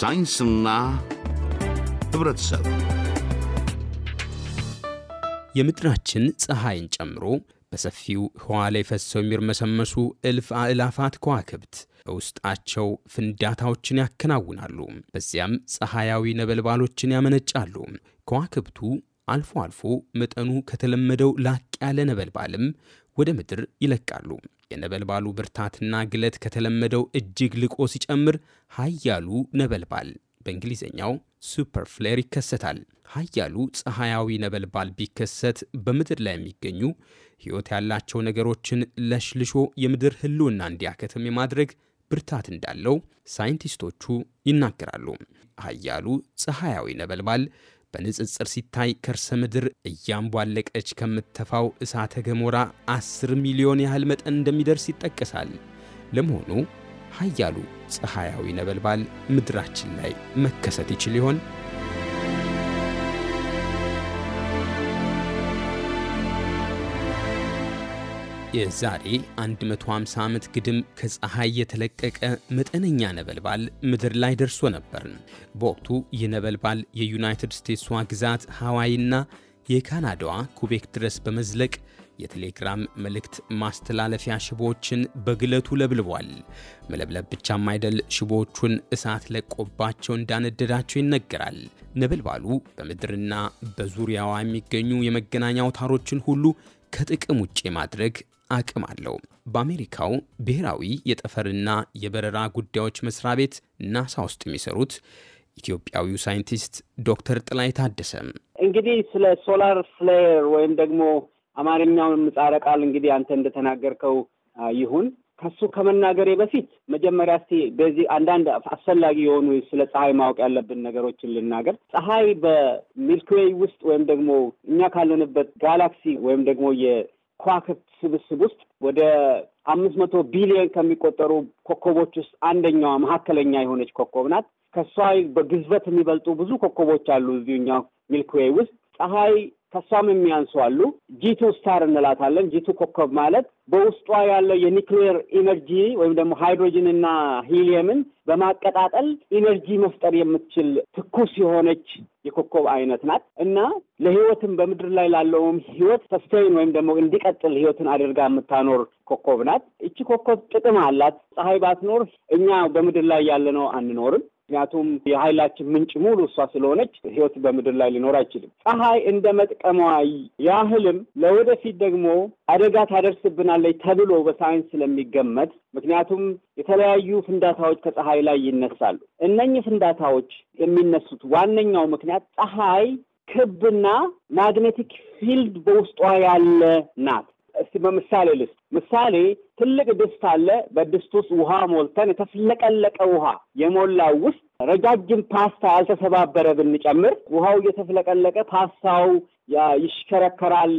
ሳይንስና ህብረተሰብ የምድራችን ፀሐይን ጨምሮ በሰፊው ህዋ ላይ ፈሰው የሚርመሰመሱ እልፍ አእላፋት ከዋክብት በውስጣቸው ፍንዳታዎችን ያከናውናሉ። በዚያም ፀሐያዊ ነበልባሎችን ያመነጫሉ። ከዋክብቱ አልፎ አልፎ መጠኑ ከተለመደው ላቅ ያለ ነበልባልም ወደ ምድር ይለቃሉ። የነበልባሉ ብርታትና ግለት ከተለመደው እጅግ ልቆ ሲጨምር ኃያሉ ነበልባል በእንግሊዝኛው ሱፐር ፍሌር ይከሰታል። ኃያሉ ፀሐያዊ ነበልባል ቢከሰት በምድር ላይ የሚገኙ ሕይወት ያላቸው ነገሮችን ለሽልሾ የምድር ሕልውና እንዲያከትም የማድረግ ብርታት እንዳለው ሳይንቲስቶቹ ይናገራሉ። ኃያሉ ፀሐያዊ ነበልባል በንጽጽር ሲታይ ከርሰ ምድር እያንቧለቀች ከምትተፋው እሳተ ገሞራ 10 ሚሊዮን ያህል መጠን እንደሚደርስ ይጠቀሳል። ለመሆኑ ኃያሉ ፀሐያዊ ነበልባል ምድራችን ላይ መከሰት ይችል ይሆን? የዛሬ 150 ዓመት ግድም ከፀሐይ የተለቀቀ መጠነኛ ነበልባል ምድር ላይ ደርሶ ነበር። በወቅቱ ይህ ነበልባል የዩናይትድ ስቴትሷ ግዛት ሐዋይና የካናዳዋ ኩቤክ ድረስ በመዝለቅ የቴሌግራም መልእክት ማስተላለፊያ ሽቦዎችን በግለቱ ለብልቧል። መለብለብ ብቻም አይደል፣ ሽቦዎቹን እሳት ለቆባቸው እንዳነደዳቸው ይነገራል። ነበልባሉ በምድርና በዙሪያዋ የሚገኙ የመገናኛ አውታሮችን ሁሉ ከጥቅም ውጭ ማድረግ አቅም አለው። በአሜሪካው ብሔራዊ የጠፈርና የበረራ ጉዳዮች መስሪያ ቤት ናሳ ውስጥ የሚሰሩት ኢትዮጵያዊው ሳይንቲስት ዶክተር ጥላይ ታደሰም እንግዲህ ስለ ሶላር ፍሌር ወይም ደግሞ አማርኛውን ምጻረ ቃል እንግዲህ አንተ እንደተናገርከው ይሁን ከሱ ከመናገሬ በፊት መጀመሪያ እስቲ በዚህ አንዳንድ አስፈላጊ የሆኑ ስለ ፀሐይ ማወቅ ያለብን ነገሮችን ልናገር። ፀሐይ በሚልክዌይ ውስጥ ወይም ደግሞ እኛ ካለንበት ጋላክሲ ወይም ደግሞ የከዋክብት ስብስብ ውስጥ ወደ አምስት መቶ ቢሊዮን ከሚቆጠሩ ኮከቦች ውስጥ አንደኛዋ መካከለኛ የሆነች ኮከብ ናት። ከሷ በግዝበት የሚበልጡ ብዙ ኮከቦች አሉ እዚሁ እኛ ሚልክዌይ ውስጥ። ፀሐይ ከሷም የሚያንሱ አሉ። ጂቱ ስታር እንላታለን። ጂቱ ኮከብ ማለት በውስጧ ያለው የኒክሌር ኢነርጂ ወይም ደግሞ ሃይድሮጅንና ሂሊየምን በማቀጣጠል ኢነርጂ መፍጠር የምትችል ትኩስ የሆነች የኮከብ አይነት ናት እና ለህይወትም በምድር ላይ ላለውም ህይወት ሰስቴይን ወይም ደግሞ እንዲቀጥል ህይወትን አድርጋ የምታኖር ኮከብ ናት። እቺ ኮከብ ጥቅም አላት። ፀሐይ ባትኖር እኛ በምድር ላይ ያለነው አንኖርም። ምክንያቱም የኃይላችን ምንጭ ሙሉ እሷ ስለሆነች ህይወት በምድር ላይ ሊኖር አይችልም። ፀሐይ እንደ መጥቀሟ ያህልም ለወደፊት ደግሞ አደጋ ታደርስብናለች ተብሎ በሳይንስ ስለሚገመት ምክንያቱም የተለያዩ ፍንዳታዎች ከፀሐይ ላይ ይነሳሉ። እነኚህ ፍንዳታዎች የሚነሱት ዋነኛው ምክንያት ፀሐይ ክብና ማግኔቲክ ፊልድ በውስጧ ያለ ናት። እስቲ በምሳሌ ልስ ምሳሌ ትልቅ ድስት አለ። በድስት ውስጥ ውሃ ሞልተን የተፍለቀለቀ ውሃ የሞላው ውስጥ ረጃጅም ፓስታ ያልተሰባበረ ብንጨምር ውሃው እየተፍለቀለቀ ፓስታው ይሽከረከራል፣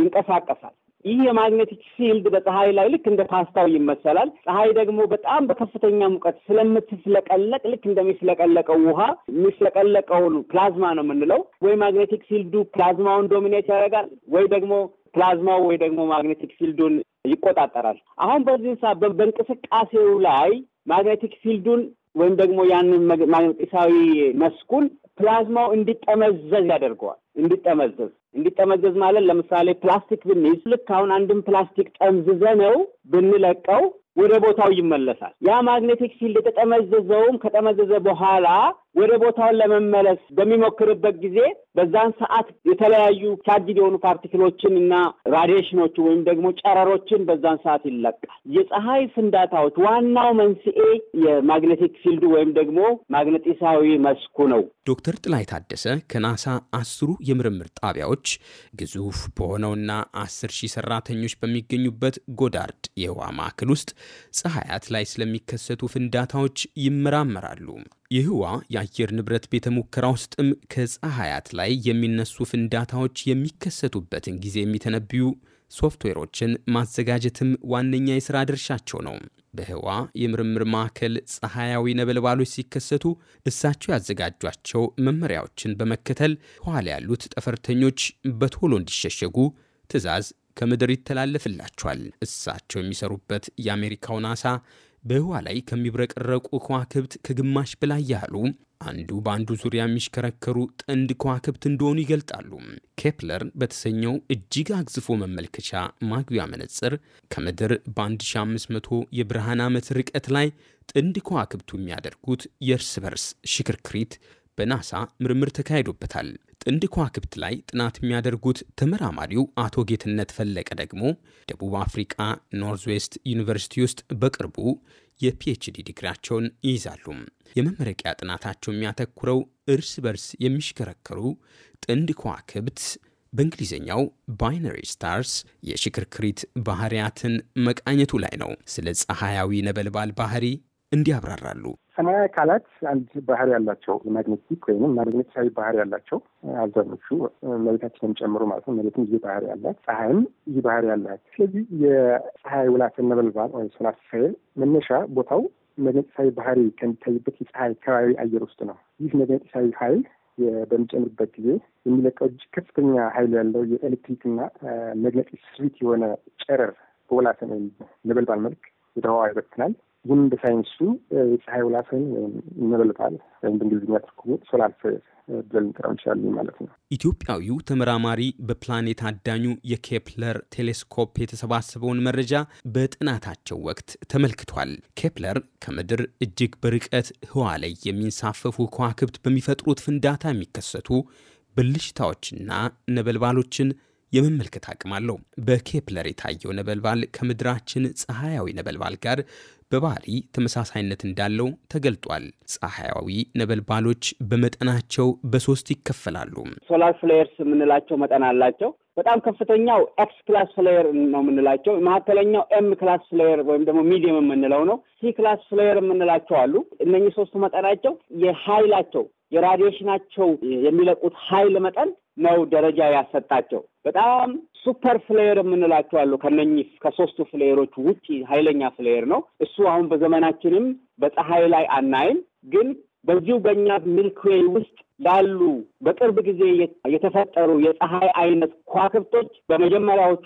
ይንቀሳቀሳል። ይህ የማግኔቲክ ፊልድ በፀሐይ ላይ ልክ እንደ ፓስታው ይመሰላል። ፀሐይ ደግሞ በጣም በከፍተኛ ሙቀት ስለምትስለቀለቅ ልክ እንደሚስለቀለቀው ውሃ የሚስለቀለቀውን ፕላዝማ ነው የምንለው። ወይ ማግኔቲክ ፊልዱ ፕላዝማውን ዶሚኔት ያደርጋል፣ ወይ ደግሞ ፕላዝማው ወይ ደግሞ ማግኔቲክ ፊልዱን ይቆጣጠራል። አሁን በዚህ ሰ በእንቅስቃሴው ላይ ማግኔቲክ ፊልዱን ወይም ደግሞ ያንን ማግኔጢሳዊ መስኩን ፕላዝማው እንዲጠመዘዝ ያደርገዋል። እንዲጠመዘዝ እንዲጠመዘዝ ማለት ለምሳሌ ፕላስቲክ ብንይዝ ልክ አሁን አንድም ፕላስቲክ ጠምዝዘ ነው ብንለቀው ወደ ቦታው ይመለሳል። ያ ማግኔቲክ ፊልድ የተጠመዘዘውም ከጠመዘዘ በኋላ ወደ ቦታውን ለመመለስ በሚሞክርበት ጊዜ በዛን ሰዓት የተለያዩ ቻርጅድ የሆኑ ፓርቲክሎችን እና ራዲሽኖች ወይም ደግሞ ጨረሮችን በዛን ሰዓት ይለቃል። የፀሐይ ፍንዳታዎች ዋናው መንስኤ የማግኔቲክ ፊልዱ ወይም ደግሞ ማግኔጢሳዊ መስኩ ነው። ዶክተር ጥላይ ታደሰ ከናሳ አስሩ የምርምር ጣቢያዎች ግዙፍ በሆነውና አስር ሺህ ሰራተኞች በሚገኙበት ጎዳርድ የውሃ ማዕከል ውስጥ ፀሐያት ላይ ስለሚከሰቱ ፍንዳታዎች ይመራመራሉ። የህዋ የአየር ንብረት ቤተ ሙከራ ውስጥም ከፀሐያት ላይ የሚነሱ ፍንዳታዎች የሚከሰቱበትን ጊዜ የሚተነብዩ ሶፍትዌሮችን ማዘጋጀትም ዋነኛ የሥራ ድርሻቸው ነው። በህዋ የምርምር ማዕከል ፀሐያዊ ነበልባሎች ሲከሰቱ እሳቸው ያዘጋጇቸው መመሪያዎችን በመከተል ኋላ ያሉት ጠፈርተኞች በቶሎ እንዲሸሸጉ ትዕዛዝ ከምድር ይተላለፍላቸዋል። እሳቸው የሚሰሩበት የአሜሪካው ናሳ በህዋ ላይ ከሚብረቀረቁ ከዋክብት ከግማሽ በላይ ያህሉ አንዱ በአንዱ ዙሪያ የሚሽከረከሩ ጥንድ ከዋክብት እንደሆኑ ይገልጣሉ። ኬፕለር በተሰኘው እጅግ አግዝፎ መመልከቻ ማግቢያ መነጽር ከምድር በ1500 የብርሃን ዓመት ርቀት ላይ ጥንድ ከዋክብቱ የሚያደርጉት የእርስ በርስ ሽክርክሪት በናሳ ምርምር ተካሂዶበታል። ጥንድ ከዋክብት ላይ ጥናት የሚያደርጉት ተመራማሪው አቶ ጌትነት ፈለቀ ደግሞ ደቡብ አፍሪቃ ኖርዝ ዩኒቨርሲቲ ውስጥ በቅርቡ የፒኤችዲ ዲግሪያቸውን ይይዛሉ። የመመረቂያ ጥናታቸው የሚያተኩረው እርስ በርስ የሚሽከረከሩ ጥንድ ከዋክብት በእንግሊዝኛው ባይነሪ ስታርስ የሽክርክሪት ባህሪያትን መቃኘቱ ላይ ነው። ስለ ፀሐያዊ ነበልባል ባህሪ እንዲህ ያብራራሉ። ሰማያዊ አካላት አንድ ባህሪ ያላቸው ማግኔቲክ ወይም ማግኔቲካዊ ባህሪ ያላቸው አብዛኞቹ መሬታችንን ጨምሮ ማለት ነው። መሬትም ይህ ባህሪ ያላት፣ ፀሐይም ይህ ባህሪ ያላት። ስለዚህ የፀሐይ ውላትን ነበልባል ወይም ሶላር ሴል መነሻ ቦታው መግነጢሳዊ ባህሪ ከሚታይበት የፀሐይ ከባቢ አየር ውስጥ ነው። ይህ መግነጢሳዊ ኃይል በሚጨምርበት ጊዜ የሚለቀው እጅግ ከፍተኛ ኃይል ያለው የኤሌክትሪክና መግነጢስ ስሪት የሆነ ጨረር በወላተን ወይም ነበልባል መልክ ወደ ህዋ ይበትናል። ግን በሳይንሱ የፀሐይ ውላትን ወይም ነበልባል ወይም በእንግሊዝኛ ትርጉሙ ሶላር ብለን ልንጠራው እንችላለን ማለት ነው። ኢትዮጵያዊው ተመራማሪ በፕላኔት አዳኙ የኬፕለር ቴሌስኮፕ የተሰባሰበውን መረጃ በጥናታቸው ወቅት ተመልክቷል። ኬፕለር ከምድር እጅግ በርቀት ህዋ ላይ የሚንሳፈፉ ከዋክብት በሚፈጥሩት ፍንዳታ የሚከሰቱ ብልሽታዎችና ነበልባሎችን የመመልከት አቅም አለው። በኬፕለር የታየው ነበልባል ከምድራችን ፀሐያዊ ነበልባል ጋር በባህሪ ተመሳሳይነት እንዳለው ተገልጧል። ፀሐያዊ ነበልባሎች በመጠናቸው በሶስት ይከፈላሉ። ሶላር ፍሌየርስ የምንላቸው መጠን አላቸው። በጣም ከፍተኛው ኤክስ ክላስ ፍሌየር ነው የምንላቸው። መካከለኛው ኤም ክላስ ፍሌየር ወይም ደግሞ ሚዲየም የምንለው ነው። ሲ ክላስ ፍሌየር የምንላቸው አሉ። እነኚህ ሶስቱ መጠናቸው የኃይላቸው የራዲዬሽናቸው የሚለቁት ኃይል መጠን ነው ደረጃ ያሰጣቸው። በጣም ሱፐር ፍሌየር የምንላቸው አሉ። ከነኚህ ከሶስቱ ፍሌየሮች ውጭ ኃይለኛ ፍሌየር ነው እሱ። አሁን በዘመናችንም በፀሐይ ላይ አናይም፣ ግን በዚሁ በእኛ ሚልክዌይ ውስጥ ላሉ በቅርብ ጊዜ የተፈጠሩ የፀሐይ አይነት ከዋክብቶች በመጀመሪያዎቹ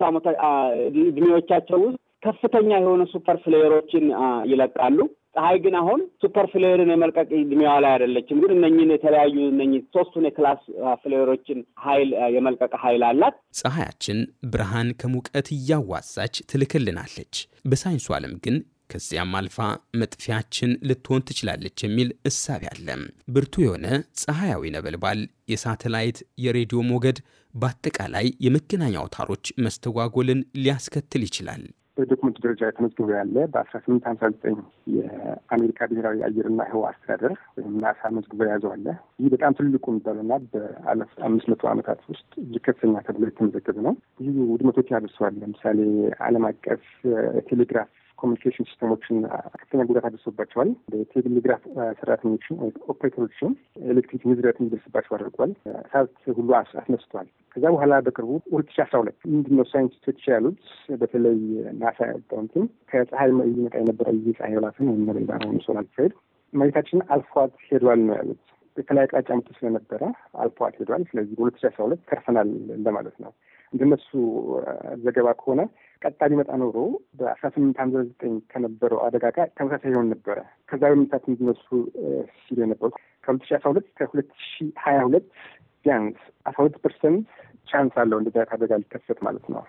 ዕድሜዎቻቸው ውስጥ ከፍተኛ የሆነ ሱፐር ፍሌየሮችን ይለቃሉ። ፀሐይ ግን አሁን ሱፐር ፍሌርን የመልቀቅ እድሜዋ ላይ አይደለችም። ግን እነኝን የተለያዩ እነ ሶስቱን የክላስ ፍሌሮችን ኃይል የመልቀቅ ኃይል አላት። ፀሐያችን ብርሃን ከሙቀት እያዋዛች ትልክልናለች። በሳይንሱ ዓለም ግን ከዚያም አልፋ መጥፊያችን ልትሆን ትችላለች የሚል እሳቤ አለ። ብርቱ የሆነ ፀሐያዊ ነበልባል፣ የሳተላይት፣ የሬዲዮ ሞገድ፣ በአጠቃላይ የመገናኛ አውታሮች መስተጓጎልን ሊያስከትል ይችላል። በዶክመንት ደረጃ ተመዝግቦ ያለ በአስራ ስምንት ሀምሳ ዘጠኝ የአሜሪካ ብሔራዊ አየርና ህዋ አስተዳደር ወይም ናሳ መዝግቦ የያዘው አለ። ይህ በጣም ትልቁ የሚባለውና በአለፍ አምስት መቶ ዓመታት ውስጥ እጅግ ከፍተኛ ተብሎ የተመዘገበ ነው። ብዙ ውድመቶችን አድርሰዋል። ለምሳሌ ዓለም አቀፍ ቴሌግራፍ ኮሚኒኬሽን ሲስተሞችን ከፍተኛ ጉዳት አድርሶባቸዋል። ቴሌግራፍ ሰራተኞችን ኦፕሬተሮችን ኤሌክትሪክ ምዝረት እንዲደርስባቸው አድርጓል። እሳት ሁሉ አስነስተዋል። ከዛ በኋላ በቅርቡ ሁለት ሺ አስራ ሁለት ምንድነው ሳይንቲስቶች ያሉት በተለይ ናሳ ያወጣውንትን ከፀሐይ ይመጣ የነበረ የፀሐይ ላፍን ወይም ነበልባል ሆኑ ሶላር ፍሬድ መሬታችንን አልፏት ሄዷል ነው ያሉት። የተለያየ አቅጣጫ መጥቶ ስለነበረ አልፏት ሄዷል። ስለዚህ በሁለት ሺ አስራ ሁለት ተርፈናል እንደማለት ነው። እንደነሱ ዘገባ ከሆነ ቀጣ ቢመጣ ኖሮ በአስራ ስምንት ሀምሳ ዘጠኝ ከነበረው አደጋ ጋር ተመሳሳይ ይሆን ነበረ። ከዛ በመምታት እንደነሱ ሲሉ የነበሩት ከሁለት ሺ አስራ ሁለት ከሁለት ሺ ሀያ ሁለት ቢያንስ አስራ ሁለት ፐርሰንት ቻንስ አለው እንደዚ አይነት አደጋ ሊከሰት ማለት ነው።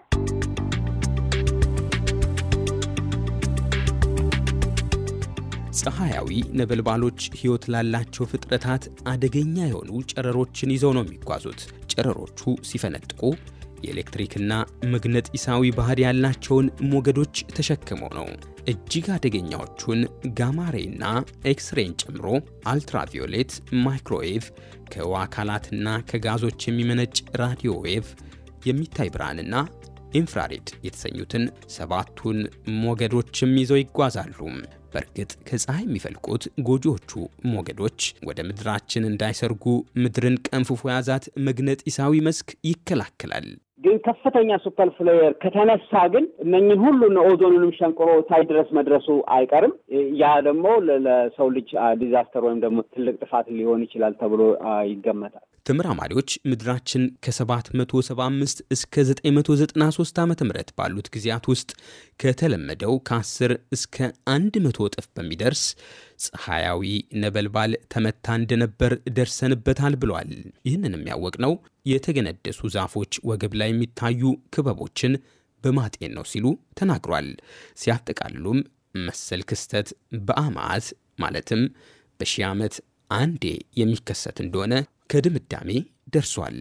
ፀሐያዊ ነበልባሎች ሕይወት ላላቸው ፍጥረታት አደገኛ የሆኑ ጨረሮችን ይዘው ነው የሚጓዙት። ጨረሮቹ ሲፈነጥቁ የኤሌክትሪክና መግነጢሳዊ ባህሪ ያላቸውን ሞገዶች ተሸክመው ነው እጅግ አደገኛዎቹን ጋማሬና ኤክስሬን ጨምሮ አልትራቪዮሌት፣ ማይክሮዌቭ፣ ከውሃ አካላትና ከጋዞች የሚመነጭ ራዲዮ ዌቭ፣ የሚታይ ብርሃንና ኢንፍራሬድ የተሰኙትን ሰባቱን ሞገዶችም ይዘው ይጓዛሉ። በእርግጥ ከፀሐይ የሚፈልቁት ጎጂዎቹ ሞገዶች ወደ ምድራችን እንዳይሰርጉ ምድርን ቀንፍፎ ያዛት መግነጢሳዊ መስክ ይከላከላል። ግን ከፍተኛ ሱፐር ፍሌየር ከተነሳ ግን እነኝን ሁሉ ኦዞኑንም ሸንቆሮ ታይ ድረስ መድረሱ አይቀርም። ያ ደግሞ ለሰው ልጅ ዲዛስተር ወይም ደግሞ ትልቅ ጥፋት ሊሆን ይችላል ተብሎ ይገመታል። ተመራማሪዎች ምድራችን ከ775 እስከ 993 ዓ ም ባሉት ጊዜያት ውስጥ ከተለመደው ከ10 እስከ 100 እጥፍ በሚደርስ ፀሐያዊ ነበልባል ተመታ እንደነበር ደርሰንበታል ብሏል። ይህንን የሚያወቅ ነው የተገነደሱ ዛፎች ወገብ ላይ የሚታዩ ክበቦችን በማጤን ነው ሲሉ ተናግሯል። ሲያጠቃልሉም መሰል ክስተት በአማት ማለትም በሺህ ዓመት አንዴ የሚከሰት እንደሆነ ከድምዳሜ ደርሷል።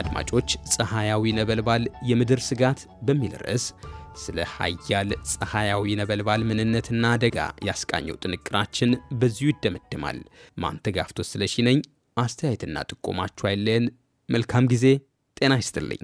አድማጮች ፀሐያዊ ነበልባል የምድር ስጋት በሚል ርዕስ ስለ ሀያል ፀሐያዊ ነበልባል ምንነትና አደጋ ያስቃኘው ጥንቅራችን በዚሁ ይደመድማል። ማንተጋፍቶ ስለሺ ነኝ። አስተያየትና ጥቆማችሁ አይለየን። መልካም ጊዜ። ጤና ይስጥልኝ።